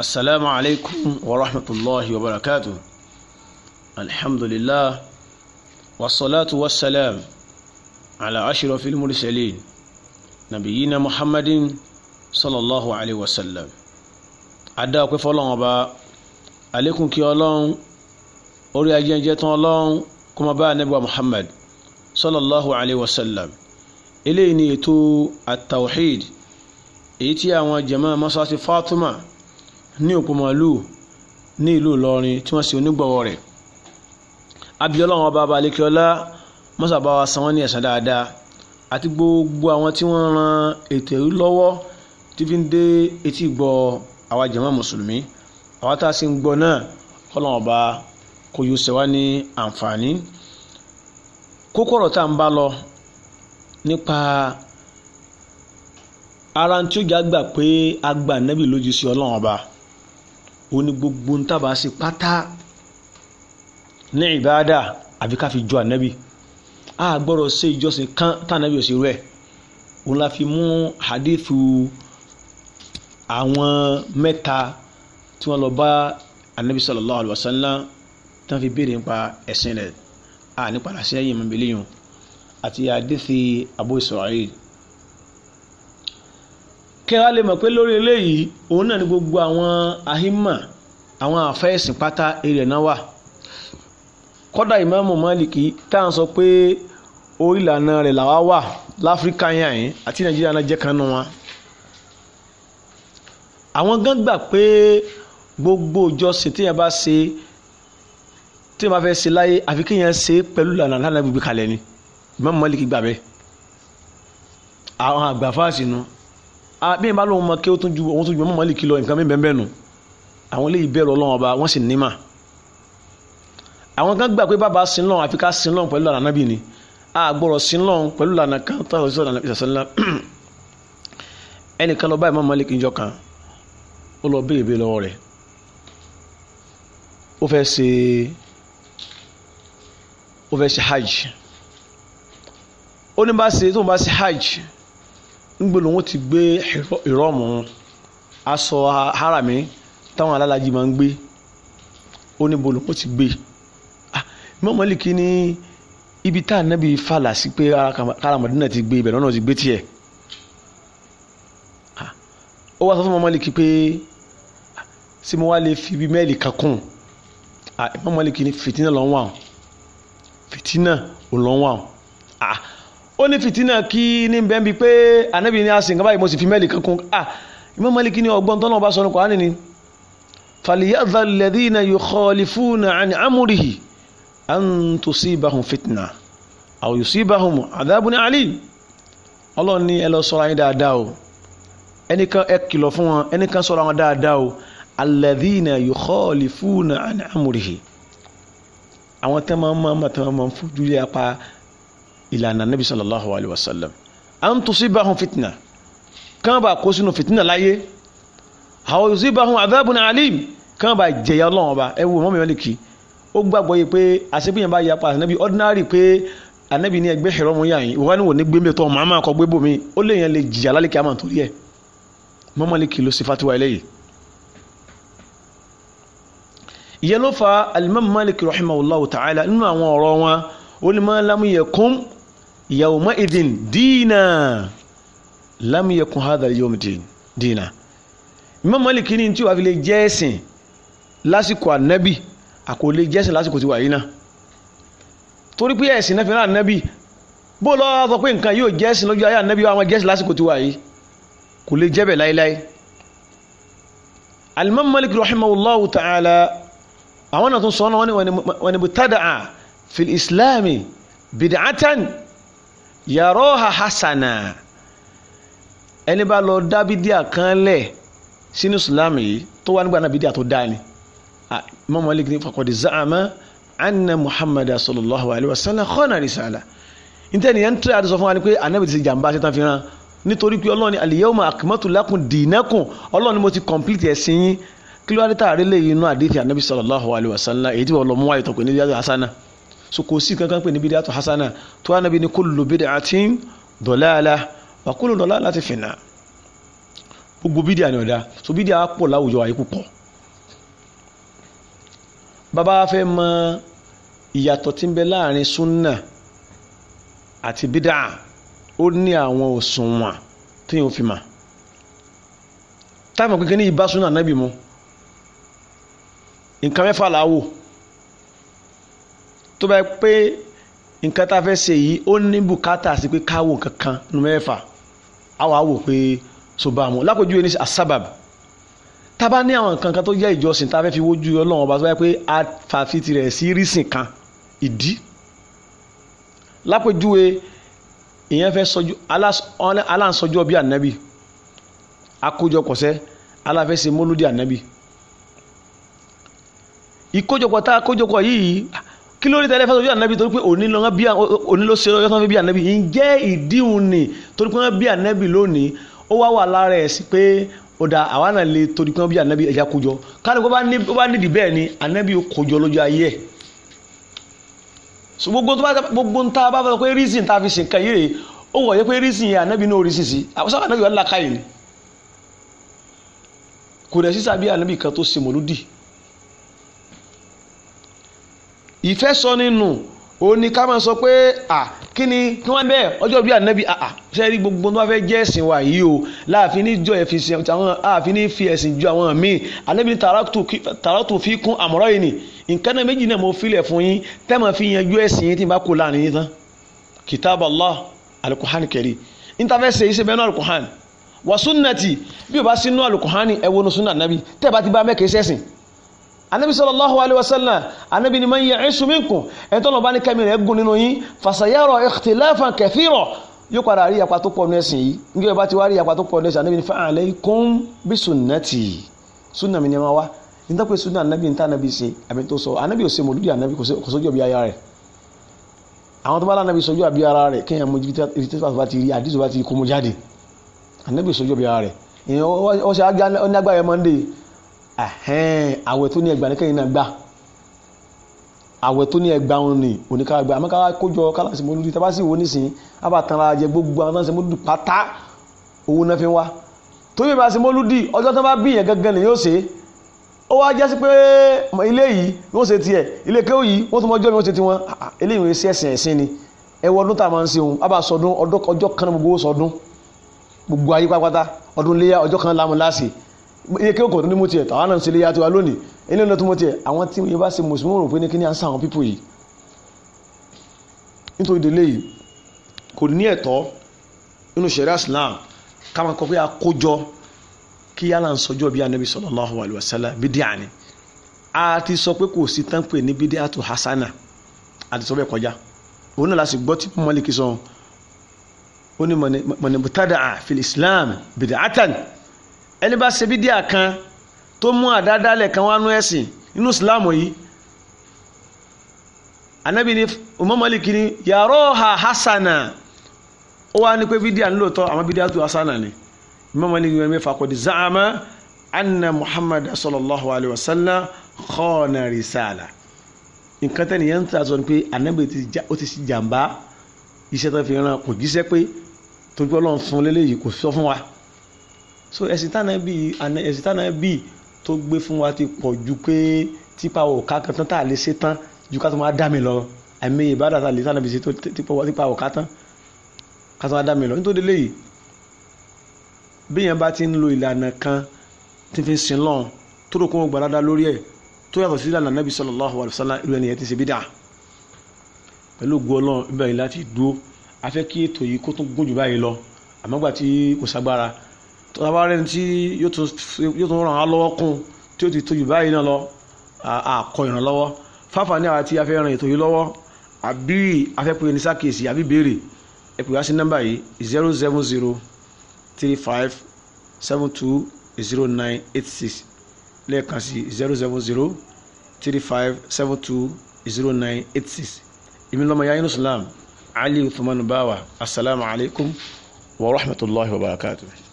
السلام عليكم ورحمة الله وبركاته الحمد لله والصلاة والسلام على أشرف المرسلين نبينا محمد صلى الله عليه وسلم أدى أكف الله أبا عليكم كي الله أري أجين جيتون الله كما با نبوى محمد صلى الله عليه وسلم إليني تو التوحيد إيتي أوان جماعة مصاصي فاطمة ní òkú màálù ní ìlú Ìlọrin tí wọ́n ṣe onígbọ̀wọ́ rẹ̀ abiola wọn bá balẹ̀kíọ́lá mọ́sàbá wa san wọ́n ní ẹ̀san dáadáa àti gbogbo àwọn tí wọ́n ran ètò ìlú lọ́wọ́ tí fi ń dé etí gbọ́ àwa jàmá mùsùlùmí àwa tá a sì ń gbọ́ náà kọ́lọ́n ọba kò yóò ṣe wá ní àǹfààní kókó tá à ń bá lọ nípa ara tí ó jà gbà pé a gba ànábì lójú sí ọlọ́run ọba oní gbogbo ń tàbá sí pátá ní ìbáadà àbí ká fi jọ ànábì a gbọ́dọ̀ ṣe ìjọsìn kan tànábì ò sí rẹ̀ òun la fi mú hadithu àwọn mẹ́ta tí wọ́n lọ bá ànábì sallallahu alaihi tí wọ́n fi béèrè nípa ẹ̀sìn rẹ̀ a nípa àṣẹ yìí mọ̀ bẹ́lẹ́yìn àti hadithi Abu Isra'il kí ẹ wá lè mọ̀ pé lórí eléyìí òun náà ni gbogbo àwọn ahimma àwọn àfẹ́sìn pátá èrè náà wà kọ́dà ìmáàmù Málìkì tá à ń sọ pé orí ìlànà rẹ̀ làwa wà láfíríkà yàn yín àti Nàìjíríà náà jẹ́ kan nù wọn. àwọn gan gbà pé gbogbo ìjọsìn téèyàn bá ṣe téèyàn bá fẹ́ ṣe láyé àfi kéèyàn ṣe pẹ̀lú ìlànà lánàá gbogbo ni ìmáàmù Málìkì gbà bẹ́ẹ̀ àwọn àgbàfáàsì nu bí n bá lóun mọ kí ó tún ju òun tún ju mọ́ mọ́lì kí lọ nǹkan mi bẹ́ẹ̀ nù àwọn eléyìí bẹ̀rù ọlọ́run ọba wọ́n sì ní mà àwọn kan gbà pé bàbá sinlọ́n àfi ká sinlọ́n pẹ̀lú lànà nábì ni àgbọ̀rọ̀ sinlọ́n pẹ̀lú lànà kan tó àwọn ìṣòro lànà ìṣàṣẹ́lá ẹnìkan lọ bá Imam Malik níjọ́ kan ó lọ béèrè béèrè lọ́wọ́ rẹ̀ ó fẹ́ ṣe ó fẹ́ ṣe hajj ó ní bá ṣe tó ń bá ṣe hajj ńgbè lòun ti gbé ìrọ́ọ̀mù aṣọ harami táwọn alálàájì máa ń gbé ó ní bo lòun ti gbé ah, Imam Malik ní ibi tá ànábì fàlà sí pé káramọ̀dé náà ti gbé ibẹ̀ lọ́nà ti gbé tiẹ̀ ah, ó wá sọ fún Imam Malik pé ah, ṣé mo wá lè fi ibi mẹ́ẹ̀lì kan kún Imam Malik ní fìtínà lọ́wọ́ fìtínà ò lọ́wọ́ ó ní fìtínà kí ní bẹ́ẹ̀ bíi pé ànábì ní àsìn kan báyìí mo sì fi mẹ́lì kankan ah Imam Maliki ní ọgbọ́n tọ́nà ọba sọnù Kùránì ni falyadhar alladhina yukhalifuna an amrihi an tusibahum fitna aw yusibahum adhabun alim ọlọ́run ní ẹ lọ sọ́ra yín dáadáa o ẹnìkan ẹ kìlọ̀ fún wọn ẹnìkan sọ́ra wọn dáadáa o alladhina yukhalifuna an amrihi àwọn tẹ́ máa ń máa ń máa tẹ́ máa ń fojú lé apá ìlànà nabi sallallahu alayhi wa sallam an tusibahum fitna kán bá kó sínú fitna láyé àwọn yusibahum adhabun alim kán bá jẹyà ọlọ́run ọba ẹ wo mọ́mí wọn lè kí ó gbàgbọ́ yìí pé àṣepéyàn bá yapa ànábi ordinary pé ànábi ní ẹgbẹ́ ìṣẹ̀rọ mu yàn yín ìwọ ni wò ní gbẹ́mí tó màmá kọ gbé bòmí ó lè yàn lè jìyà lálẹ́ kí a máa torí ẹ̀ mọ́mọ́ lè ló sì fatiwa eléyìí. ìyẹn ló fa alimami malik rahimahullahu ta'ala nínú àwọn ọ̀rọ̀ wọn ó ní máa yawma idhin dina lam yakun hadha al-yawm dina Imam Malik ní tí wàá fi lè jẹ́ ẹ̀sìn lásìkò ànábì àkọlé jẹ́sìn lásìkò tí wà yìí náà torí pé ẹ̀sìn náà fi rán ànábì bó lọ́wọ́ sọ pé nǹkan yóò jẹ́sìn lójú ayé ànábì wa wọn jẹ́sìn lásìkò tí wà yìí kò lè jẹ́ bẹ̀ láéláé Al-Imam Malik rahimahullahu ta'ala àwọn náà tún sọ ọ́nà wọn ni fil islami bid'atan yàrá hasana ẹni bá lọ dá bídíà kan lẹ̀ sínú islam yìí tó wà nígbà náà bídíà tó dá ni Imam Malik ní fakọ̀dé za'ama anna Muhammad sallallahu alayhi wa sallam khana risala níta ni yẹn ń tẹ́ àdìsọ fún wa ni pé anabi ti ṣe ṣe tán fi rán nítorí pé ọlọ́run al-yawma akmaltu lakum ni mo ti complete ẹ̀sìn yín kí ló wá dé tààrí lè inú àdéhìí anabi sallallahu alayhi wa sallam èyí tí wọ́n lọ mú wáyé tọkùn ní so kò sí kankan pé ní bídíà tó hasana tó wà níbi ní kullu bid'atin dalalah wa kullu dalalati finna gbogbo bídíà ni ọ̀dà so bídíà pọ̀ láwùjọ ayé púpọ̀ bàbá fẹ́ mọ ìyàtọ̀ tí ń bẹ láàrin súnà àti bídà ó ní àwọn òṣùwọ̀n tí yóò fi mà táwọn kékeré ní ìbá súnà nábì mu nǹkan mẹ́fà làá tó bá yẹ pé nǹkan tá a fẹ́ ṣe yìí ó ní bùkátà sí pé káwò kankan nu mẹ́fà á wàá pé so bá lápòjú yẹn ní asabab tá a bá ní àwọn nǹkan kan tó jẹ́ ìjọsìn tá a fẹ́ fi wojú ọlọ́run ọba tó bá yẹ pé a fàfi tirẹ̀ sí rísìn kan ìdí lápòjúwe ìyẹn fẹ́ sọjú aláǹsọjú ọbí ànábì akójọpọ̀sẹ́ aláfẹ́sẹ̀ mọ́lódì ànábì ìkójọpọ̀ tá a kójọpọ̀ yìí kí ló rí tẹ́lẹ̀ fẹ́ sọ bí ànábì torí pé òní ló ṣe ọjọ́ tán fi bí ànábì yìí jẹ́ ìdíhùn ni torí pé wọ́n bí ànábì lónìí ó wá wà lára ẹ̀ sí pé ó da àwa náà lè torí pé wọ́n bí ànábì ẹja kójọ kálukú ó bá nídìí bẹ́ẹ̀ ni ànábì kójọ lójú ayé ẹ̀ so gbogbo tó bá gbogbo tá a bá fẹ́ sọ pé reason tá a fi ṣe nǹkan yìí rèé ó wọ̀ yẹ pé reason yẹn ànábì náà reason sí àwọn sábà ànábì wà lákàyè ni kò ìfẹ́sọ́nínú òun ni ká máa sọ pé à kí ni kí wọ́n bẹ́ẹ̀ ọjọ́ bíi ànábì àà ṣe rí gbogbo tó bá fẹ́ jẹ́ ẹ̀sìn wa yìí o láàfin ní jọ ẹ̀fìsìn àwọn ààfin ní fi ẹ̀sìn ju àwọn míì ànábì tààràtù fi kún àmọ́rọ́ yìí ni nǹkan náà méjì náà mo filẹ̀ fún yín tẹ́ máa fi yanjú ẹ̀sìn yín tí n bá kó láàrin yín tán kìtàbà Allah alukuhani kẹrì ntàfẹ́sẹ̀ iṣẹ́ bẹ́ẹ̀ náà alukuhani wà sunnati bí o bá sínú alukuhani ẹ wo nu sunna ànábì tẹ́ bá ti anabi sallallahu alayhi wa sallam anabi ni man ya'ish minkum ẹni tọ́lọ̀ bá ní kẹ́mi rẹ̀ gùn nínú yín fasayara ikhtilafan kathira yóò padà rí yapa tó pọ̀ ní ẹ̀sìn yìí nígbà yóò bá ti wá rí yapa tó pọ̀ ní ẹ̀sìn anabi ni fa alaykum bi sunnati sunna mi ni ma wá ní tó pé sunna anabi ní tá anabi ṣe àbí tó sọ anabi ò ṣe mòlúdi anabi kò sójú ọbí ara rẹ̀ àwọn tó bá lánàbí sójú ọbí ara rẹ̀ kéèyàn mojú ibi tí bá ti rí àdìsó bá ti kó mo jáde anabi sójú ọbí ara rẹ̀ ìyẹn ọ àwẹ̀ tó ní ẹgbàá ní kẹ́yìn náà gbà àwẹ̀ tó ní ẹgbàá òun ni oníkàwé gbà àmọ́ ká kójọ kálásì mọ́lúdì tá bá sì wò nísìn àbá tanra jẹ gbogbo àwọn táǹsì mọ́lúdì pátá owó náà fi wá tó yẹ bá sì mọ́lúdì ọjọ́ tó bá bí yẹn gangan ni yóò ṣe ó wá jẹ́ sí pé ilé yìí wọ́n ṣe tiẹ̀ ilé kéwù yìí wọ́n tún mọ́ ọjọ́ mi wọ́n ṣe tiwọn ah, ah, eléyìí wọ́n ṣe ẹ̀sìn ẹ̀sìn ni ẹwọ ọdún tá a máa ń ṣe òun àbá sọdún ọjọ́ kan náà gbogbo sọdún gbogbo ayé pátápátá ọdún léyà ọjọ́ kan lámúláṣì iye kí òkòtò ní mo tiẹ̀ tàwa náà ń ṣe iléyà tiwa lónìí ilé ìlú tó mo tiẹ̀ àwọn tí mo bá ṣe mùsùlùmí rò pé ní kí ni à ń sàwọn pípò yìí nítorí ìdílé yìí kò ní ẹ̀tọ́ nínú sẹ̀rí Islam ká máa kọ pé àkójọ kí yálà ń sọjọ́ bí anabi sallallahu alayhi wa sallam bídíà ni a ti sọ pé kò sí tán pè ní bídíà tó hasana a ti sọ bẹ́ẹ̀ kọjá òun náà la sì gbọ́ tí mọ́lìkì sọ ó ní mọ̀nìbùtádà fil Islam bídíà tán ẹni bá ṣe bídíà kan tó mú àdádálẹ̀ kan wá nú ẹ̀sìn nínú islam yìí anabi ni umar maliki yàrá ha hasana ó wá ní pé bídíà ń lòótọ́ àwọn bídíà tó hasana ni umar maliki wọn mẹ́fà kò di zaama anna muhammad sallallahu alayhi wa sallam khana risala nǹkan tẹ́ni yẹn ń tà sọ ni pé anabi ti jàmbá iṣẹ́ tó fi ràn kò jíṣẹ́ pé tó gbọ́ lọ́n fún lélẹ́yìí kò sọ fún wa so ẹ̀sìn tánà bí ẹ̀sìn tánà bí tó gbé fún wa ti pọ̀ ju pé tipa òka kan tán tá a lè ṣe tán ju ká tó máa dá mi lọ àmì ìbára tá a lè tánà bí ṣe tó tipa òka tán ká tó máa dá mi lọ nítorí léyìí bí yẹn bá ti ń lo ìlànà kan tí fi ń sin lọ́hùn tó rò kó wọn gbàládá lórí ẹ̀ tó yàtọ̀ sí ìlànà nàbì sallallahu alaihi wasallam irú ẹni yẹn ti ṣe bídà pẹ̀lú ògùn ọlọ́run ibẹ̀ yìí láti dúró afẹ́ kí ètò yìí kó tún gùn jù báyìí lọ àmọ́gbà tí kò sagbára tọ́ba rẹ̀ tí yóò tún ràn án lọ́wọ́ kún tí ó ti tójú báyìí náà lọ àkọ ìrànlọ́wọ́ fáfà ní àwa tí a fẹ́ ran ètò yìí lọ́wọ́ àbí afẹ́pẹ́ ní sákèsì àbí béèrè ẹ pè wá sí nọ́mbà yìí zero seven zero three five seven two zero nine eight six lẹ́ẹ̀kan sí zero seven zero three five seven two zero nine eight six èmi lọ́mọ yáyínú islam ali uthman bawa asalaamualeykum wa rahmatulahi wa barakatuh.